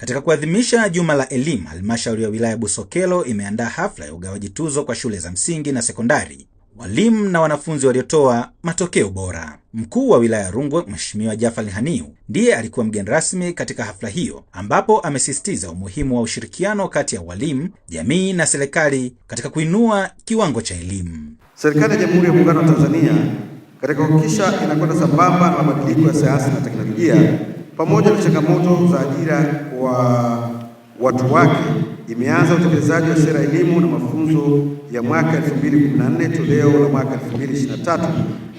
Katika kuadhimisha juma la elimu, halmashauri ya wilaya Busokelo imeandaa hafla ya ugawaji tuzo kwa shule za msingi na sekondari, walimu na wanafunzi waliotoa matokeo bora. Mkuu wa wilaya ya Rungwe Mheshimiwa Jafar Haniu ndiye alikuwa mgeni rasmi katika hafla hiyo, ambapo amesisitiza umuhimu wa ushirikiano kati ya walimu, jamii na serikali katika kuinua kiwango cha elimu. Serikali ya Jamhuri ya Muungano wa Tanzania katika kuhakikisha inakwenda sambamba na mabadiliko ya sayansi na teknolojia pamoja na changamoto za ajira kwa watu wake, imeanza utekelezaji wa sera elimu na mafunzo ya mwaka 2014 toleo la mwaka 2023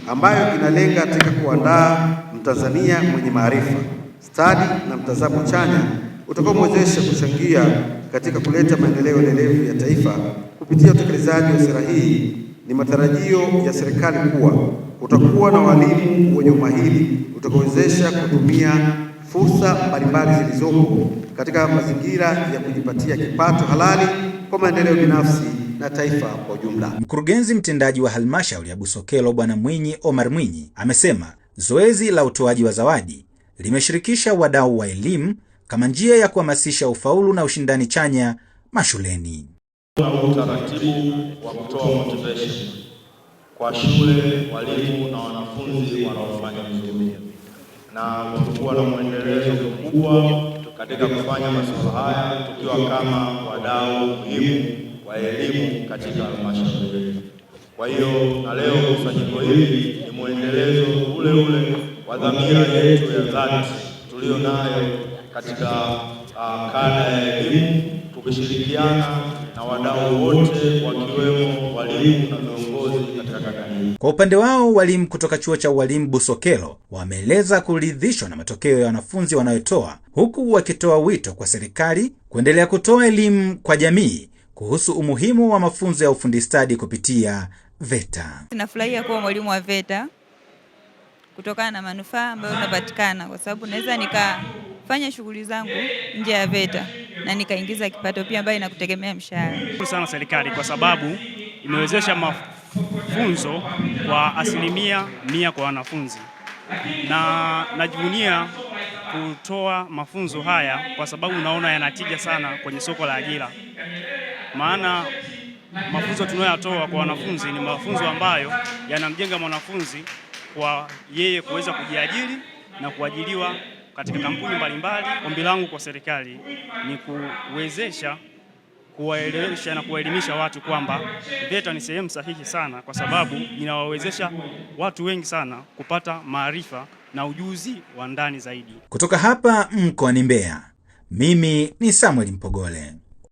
ambayo inalenga katika kuandaa Mtanzania mwenye maarifa, stadi na mtazamo chanya utakaomwezesha kuchangia katika kuleta maendeleo endelevu ya taifa. Kupitia utekelezaji wa sera hii, ni matarajio ya serikali kuwa utakuwa na walimu wenye umahiri utakaowezesha kutumia fursa mbalimbali zilizopo katika mazingira ya kujipatia kipato halali kwa maendeleo binafsi na taifa kwa ujumla. Mkurugenzi mtendaji wa halmashauri ya Busokelo Bwana Mwinyi Omar Mwinyi amesema zoezi la utoaji wa zawadi limeshirikisha wadau wa elimu kama njia ya kuhamasisha ufaulu na ushindani chanya mashuleni. Utaratibu wa kutoa motivation kwa shule, walimu na wanafunzi wanaofanya na kutokuwa na mwendelezo mkubwa katika kufanya masuala haya tukiwa kama wadau muhimu wa elimu katika halmashauri Kwa hiyo na leo kusanyiko hili ni mwendelezo ule ule wa dhamira yetu ya dhati tuliyo nayo katika uh, ah, kada ya elimu tukishirikiana na wadau wote wakiwemo walimu na kwa upande wao, walimu kutoka chuo cha ualimu Busokelo wameeleza kuridhishwa na matokeo ya wanafunzi wanayotoa, huku wakitoa wito kwa serikali kuendelea kutoa elimu kwa jamii kuhusu umuhimu wa mafunzo ya ufundi stadi kupitia VETA. Nafurahia kuwa mwalimu wa VETA kutokana na manufaa ambayo unapatikana, kwa sababu naweza nikafanya shughuli zangu nje ya VETA na nikaingiza kipato pia, ambayo inakutegemea mshahara. Sana serikali kwa sababu imewezesha mafunzo kwa asilimia mia kwa wanafunzi, na najivunia kutoa mafunzo haya kwa sababu naona yanatija sana kwenye soko la ajira, maana mafunzo tunayoyatoa kwa wanafunzi ni mafunzo ambayo yanamjenga mwanafunzi kwa yeye kuweza kujiajiri na kuajiriwa katika kampuni mbalimbali. Ombi langu kwa serikali ni kuwezesha kuwaelewesha na kuwaelimisha watu kwamba VETA ni sehemu sahihi sana, kwa sababu inawawezesha watu wengi sana kupata maarifa na ujuzi wa ndani zaidi. Kutoka hapa mkoani Mbeya, mimi ni Samuel Mpogole.